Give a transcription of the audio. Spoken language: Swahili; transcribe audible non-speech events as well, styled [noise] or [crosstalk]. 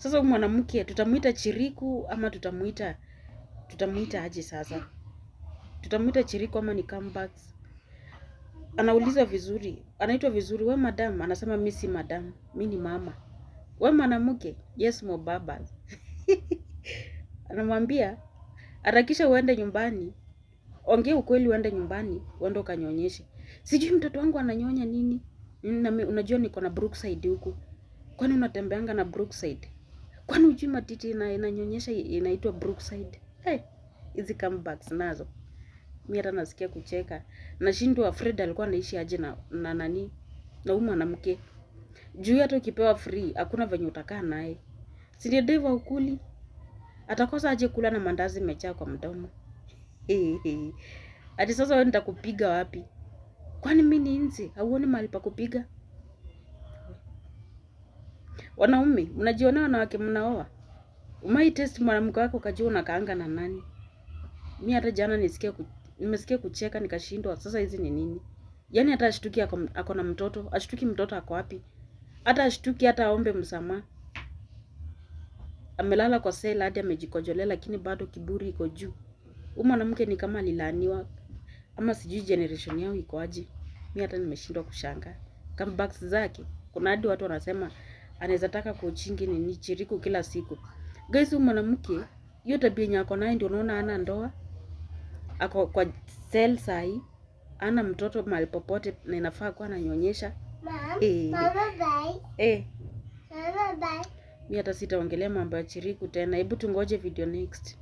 Sasa huyu mwanamke tutamuita chiriku ama tutamuita tutamuita aje? Sasa tutamuita chiriku ama ni comebacks? Anauliza vizuri, anaitwa vizuri, we madam, anasema mimi si madam, mimi ni mama. We mwanamke, yes mo baba [laughs] anamwambia harakisha uende nyumbani, ongea ukweli, uende nyumbani, uende ukanyonyeshe. Sijui mtoto wangu ananyonya nini, unajua niko na Brookside huku, kwani unatembeanga na Brookside? Kwani ujui matiti ina, inanyonyesha inaitwa Brookside? Hey, hizi comebacks nazo mi hata nasikia kucheka, nashindwa Fred alikuwa anaishi aje na, na nani na huyu mwanamke juu hata ukipewa free hakuna venye utakaa naye, si ndio? Dave ukuli atakosa aje kula na mandazi mechaa kwa mdomo [laughs] ati sasa wewe nitakupiga wapi? Kwani mimi ni nzi? Hauoni mahali pa kupiga? Wanaume mnajionea wanawake mnaoa. Umai test mwanamke wako ukajua unakaanga na nani? Mimi hata jana nisikia ku, nimesikia kucheka nikashindwa. Sasa hizi ni nini? Yaani hata ashtuki ako na mtoto, ashtuki mtoto ako wapi? Hata ashtuki hata aombe msamaha. Amelala kwa sela hadi amejikojolea, lakini bado kiburi iko juu. Huyu mwanamke ni kama alilaaniwa ama sijui generation yao iko aje. Mimi hata nimeshindwa kushangaa. Comebacks zake kuna hadi watu wanasema anaweza taka kuchingi ni chiriku kila siku. Guys, huyu mwanamke hiyo tabia yenye ako ndio unaona ana ndoa. Ako kwa cell sai, ana mtoto mahali popote na inafaa kuwa ananyonyesha. Eh. Eh. Mimi hata sitaongelea mambo ya chiriku tena. Hebu tungoje video next.